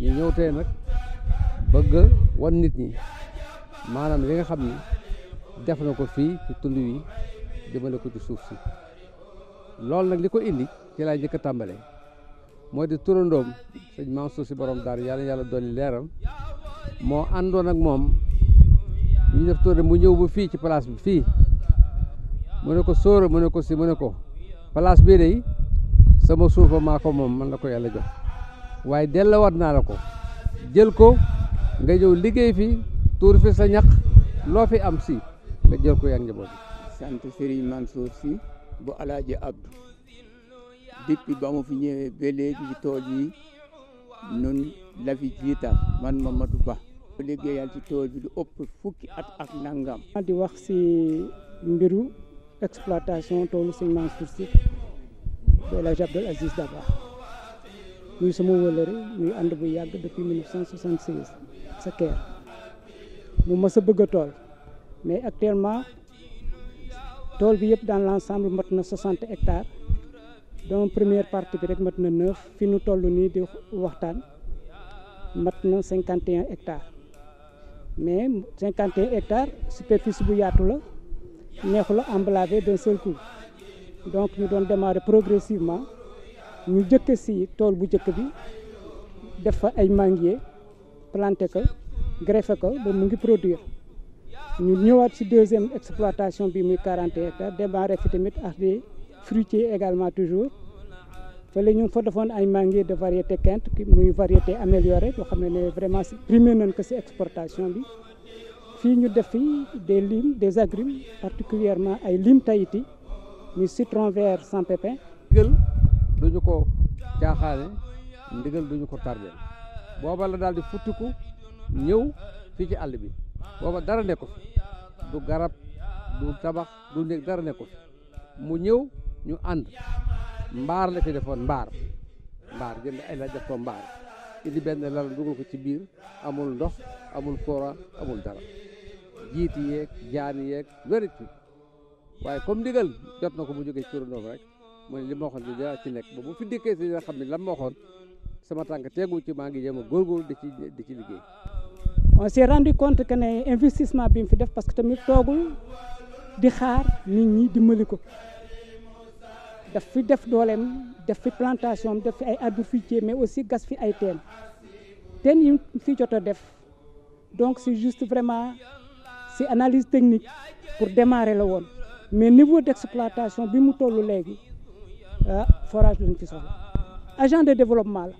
ñu ñëw tey nag bëgg wan nit ñi maanaam li nga xam ni def na ko fii ci tund wi jëmale ko ci suuf si loolu nag li ko indi ci laa njëkk a tàmbale mooy di turandoom sëñ suuf si borom daar yàlla yàlla dolli leeram moo àndoon nag moom ñu def tourné mu ñëw ba fii ci place bi fii mu ne ko sóora mu ne ko si mu ne ko place bii de sama suufa maa ko moom man la ko yàlla jot waaye delloowaat naa la ko jël ko nga ñëw liggéey fi tuur fi sa ñaq loo fi am si nga jël ko yaa njaboot sant Serigne Mansour si bu alaaji Abdou depuis ba mu fi ñëwee ba léegi ci tool yi nun la fi jiital man Mamadou Ba liggéeyal ci tool bi du ëpp fukki at ak nangam di wax si mbiru exploitation toolu Serigne Mansour si bu alaaji Abdou Aziz Dabakh muy sama wëllëre ñuy ànd bu yàgg depuis 1976 sa keer mu mas a bëgg a tool mais actuellement tool bi yëpp dans l' ensemble mat na 60 hectares donc première partie bi rek mat na 9 fi nu toll nii di waxtaan mat na 51 hectares mais 51 hectares superficie bu yaatu la neexu la emblavé d'un seul coup donc ñu doon démarrer progressivement. ñu jëkk si tool bu jëkk bi def fa ay manguier plante ko greffé ko ba mu ngi produire ñu ñëwaat ci deuxième exploitation bi muy 40 de démarré fi tamit ak des ci également toujours fële ñu ngi fa defoon ay manguier de variété quinte muy variété améliorée boo xam ne ne vraiment si primé nañ ko si exportation bi fii ñu def fi des limes des agrumes particulièrement ay lime Tahiti muy citron vert sans pépin duñu ko caaxaane ndigal duñu ko tardeel booba la daal di futtiku ñëw fii ci àll bi booba dara nekku du garab du tabax du néeg dara nekku mu ñëw ñu ànd mbaar la fi defoon mbaar mbaar jënd ay la def ko mbaar indi benn lal dugal ko ci biir amul ndox amul courant amul dara jiiti yeeg jaani yeeg wérit waaye comme ndigal jot na ko mu jógee ci turandoom rek mooy li ma waxoon di daa ci nekk ba bu fi dikkee si nga xam ne lan ma sama tànk tegu ci maa ngi jéem a góorgóorlu di ci di ci liggéey. on s'est rendu compte que ne investissement bi mu fi def parce que tamit toogul di xaar nit ñi dimbali ko daf fi def dooleem def fi plantation def fi ay arborifier mais aussi gas fi ay teen teen yi fi jot a def donc c'est juste vraiment si analise technique pour démarrer la woon mais niveau d'exploitation bi mu toll léegi. ah forage lañ ci soxla agent de développement la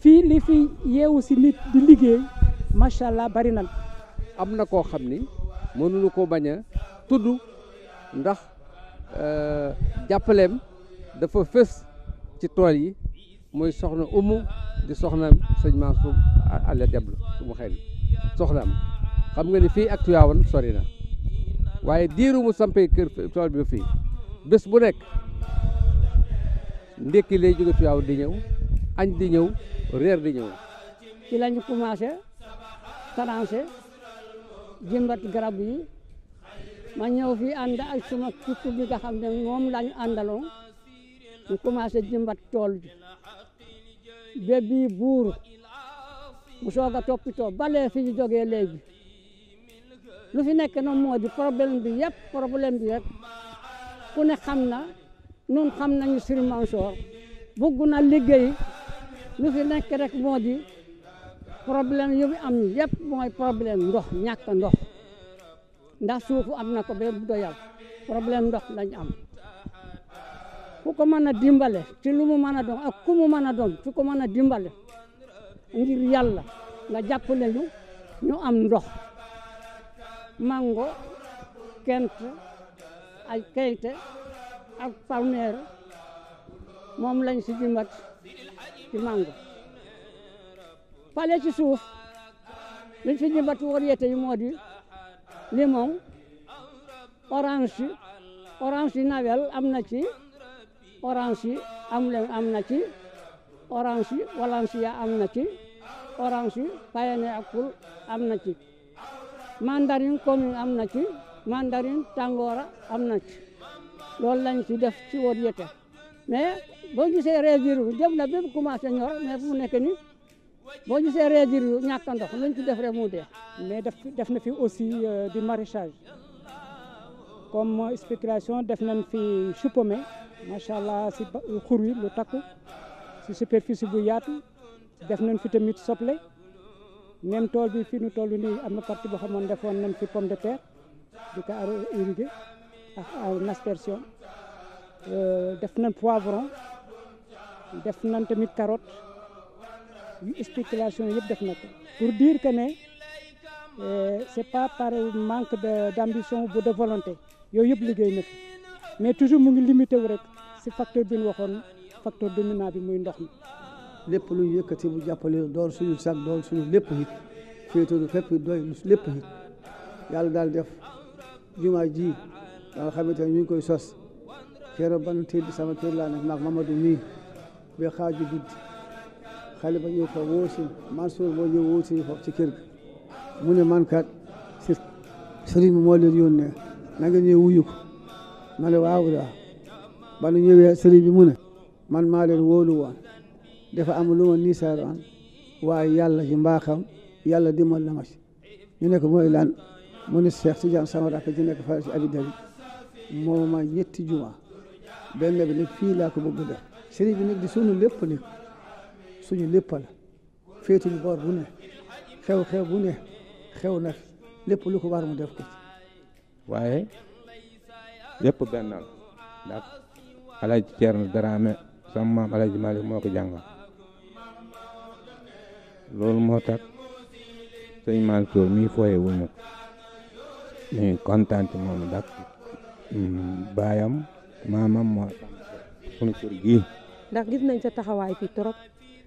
fii lii fi yeewu si nit di liggéey macha allah bari nan am na koo xam ni mënuñu koo bañ a tudd ndax euh, jàppaleem dafa fës ci tool yi mooy soxna umu di soxna sëñ Mansour Alla Diablo su mu xel soxnaam xam nga ni fii ak Tiwaawan sori na waaye diiru mu sampee kër tool bi fii bés bu nekk ndékki lay jóge Tiwaawan di ñëw añ di ñëw reer di ñëw ci lañu commencé trancé jëmbat garab yi ma ñëw fii ànd ak suma bi nga xam ne moom lañu àndaloon ñu commencé jëmbat tool bi ba bii buur mu soog a balee fi ñu léegi lu fi nekk noonu moo di problème bi yëpp problème bi rek ku ne xam na nun xam nañu Serigne Mansour na liggéey lu fi nekk rek moo di problème yu am yépp mooy problème ndox ñàkk ndox ndax suufu am na ko ba doyal problème ndox lañ am ku ko mën a dimbale ci lu mu mën a doon ak ku mu mën a doon ku ko mën a dimbale ngir yàlla nga jàppale ñu ñu am ndox mango kent ay kayte ak palmeer moom lañ si jëmbat ci mango pale ci suuf liñ si jëmbat variété yi moo di limon orange yi orange yi nawel am na ci orange yi amulem am na ci orange yi walancia am na ci orange yi payene ak am na ci mandarine commune am na ci mandarine tàngoora am na ci loolu lañ ci def ci variété mais boo gisee résidus bi jëm na bépp commencé ñor mais fu mu nekk nii boo gisee résidus yu ñàkk ndox luñ ci def rek mu dee. mais def def na fi aussi euh, di maraîchage comme spéculation def nañ fi chou pommé macha allah si xur wi lu takk si superficie bu yaatu def nañu fi tamit soble même tool bi fi nu toll nii am na partie boo xamoon defoon nañ fi pomme de terre. di ko irriguer ak en aspersion euh, def na poivron def nañ tamit carotte yu spéculation yëpp def na ko pour dire que ne euh, c'est pas par manque de d'ambition ou de volonté yooyu yëpp liggéey na mais toujours mu ngi limité wu rek si facteur bi ñu waxoon facteur dominant bi muy ndox mi. lépp lu ñu yëkkati jàppale door suñu sag door suñu lépp it féetewul fépp doy lépp it yàlla daal def. jumaa ji nga xamante ne ñu ngi koy sos keroog ban tëdd sama kër laa nekk maag Mamadou mii ba xaaju guddi xale ba ñëw fa wóosi Mansour boo ñëw wóosi foofu ci kër gi mu ne man kat si sëriñ bi moo leen yónnee na nga ñëw wuyu ko ma ne waaw la ñëwee sëriñ bi mu ne man maa leen wóolu woon dafa am lu ma niisaaroon waaye yàlla ci mbaaxam yàlla dimbal na ma ci ñu ne ko mu ne Cheikh Tidiane sama rakk ji nekk fara abi dari moo ma ñetti juma benn bi nag fii laa ko bëgg def sëriñ bi nag di sunu lépp nag suñu lépp la xew-xew bu ne xew na lépp lu ko war mu def ko waaye lépp benn la ndax Alaaji Ceerno Daraame sama maam Alaaji moo ko jàngal loolu moo tax sëñ Mansour mii fooye wuñu ñu kontaan ci moom ndax mm, baayam maamam moo sunu kër gii ndax gis nañ sa taxawaay fii trop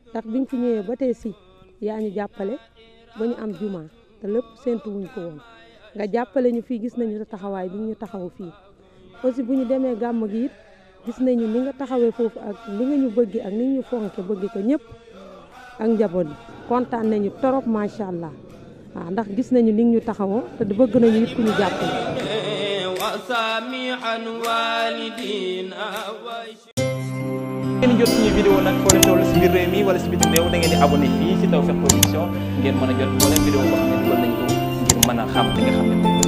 ndax biñ fi ñëwee ba tey si yaa ñu jàppale ba ñu am juma te lépp séntu wuñ ko woon nga jàppale ñu fii gis nañu sa taxawaay bi ñu taxaw fii aussi bu ñu demee gàmm giit it gis nañu ni nga taxawee foofu ak ni nga ñu bëgg ak ni ñu fonke bëgg ko ñëpp ak njaboot yi kontaan nañu trop macha allah. waaw ndax gis nañu ni ñu taxawoo te di bëgg nañu it ku ñu jàppale. ngeen jot suñu vidéo nag foo leen toll si biir réew mi wala si bi réew da ngeen di abonné fii si Tawfekh Production ngeen mën a jot moo leen vidéo ne dugal nañ ko mën a xam li xam